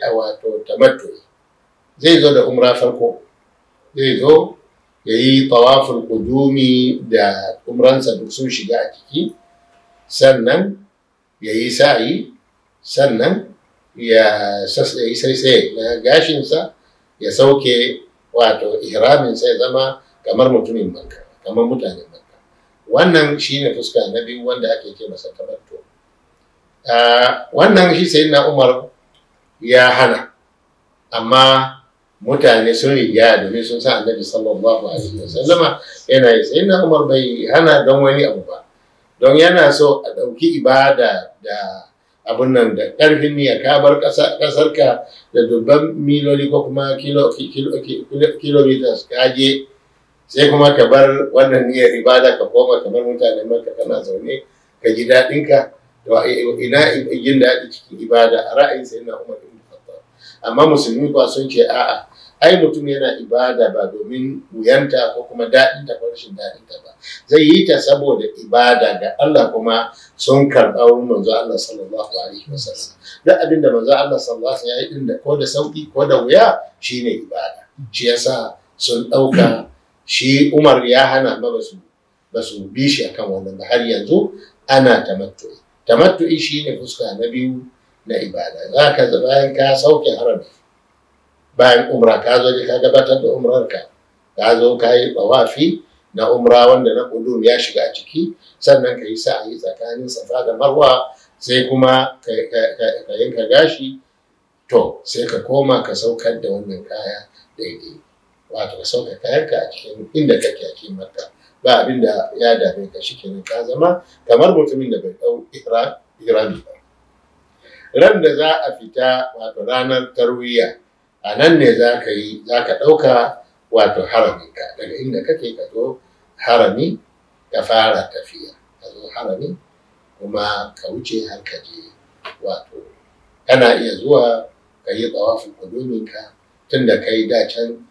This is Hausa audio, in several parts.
a wato tamattu'i zai zo da umra farko zai zo ya yi tawaful kudumi da umransa duk sun shiga a ciki sannan ya yi sa'i sannan ya yi saisaye na gashinsa ya sauke wato ihramin sai zama kamar mutumin banka kamar mutanen banka wannan ne fuska na biyu wanda ake ce masa tamattu ah, wannan shi na umar ya hana amma mutane sun rigya domin sun sa annabi sallallahu alaihi wasallama yana yi sai na umar bai hana don wani abu ba don yana so a ɗauki ibada da abun nan da ƙarfin niyya ka bar ƙasar ka da dubban miloli ko kuma kilometers ka je sai kuma ka bar wannan niyyar ibada ka koma kamar mutane maka kana zaune ka ji daɗinka to ina yin daɗi cikin ibada a ra'ayin sai na umar amma musulmi ba sun ce a'a ai mutum yana ibada ba domin wuyanta ko kuma daɗinta ko rashin daɗinta ba zai yi ta saboda ibada ga Allah kuma sun karɓa wurin manzo Allah sallallahu alaihi wasallam duk abin da manzo Allah sallallahu alaihi wasallam ya yi da ko da sauki ko da wuya shine ibada shi yasa sun ɗauka shi Umar ya hana ba basu basu bi shi akan wannan har yanzu ana tamattu'i tamattu'i shine fuska na biyu na ibada za ka bayan ka sauke harami bayan umra ka zo ka gabatar da umrarka ka zo ka yi bawafi na umra wanda na kudum ya shiga ciki sannan ka yi sa'ayi tsakanin safa da marwa sai kuma ka yanka gashi to sai ka koma ka saukar da wannan kaya daidai wato ka sauka kayanka a cikin inda kake a cikin ba abin da ya dame ka shi ka zama kamar mutumin da bai ɗau ihrami ba ran da za a fita wato ranar tarwiya a nan ne za ka yi za ka ɗauka wato haraminka daga inda kake ka zo harami ka fara tafiya ka zo harami kuma ka wuce har ka je wato kana iya zuwa ka yi tsawafin kuduminka tun da kai dacen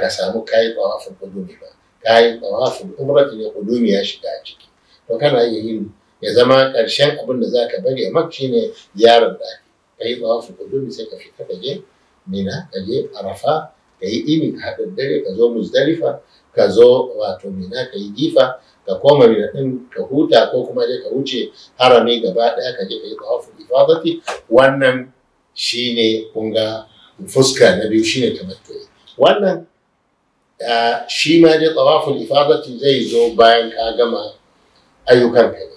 ka samu ka yi tsawafin kudumi ba ka yi tsawafin umratu ne kudumi ya shiga a ciki to kana iya yin ya zama ƙarshen abin da za ka bari a mak shine yaron da ka yi tsawa su sai ka fita ka je mina ka je arafa ka yi ini ka haɗar dare ka zo muzdalifa ka zo wato mina ka yi gifa ka koma mina ɗin ka huta ko kuma je ka wuce harami gaba ɗaya ka je ka yi ba wasu ifadati wannan shine kun ga fuska na biyu shine tamattu'i wannan ah, shi ma dai tsawafin ifadati zai zo bayan ka gama ayyukan ka ne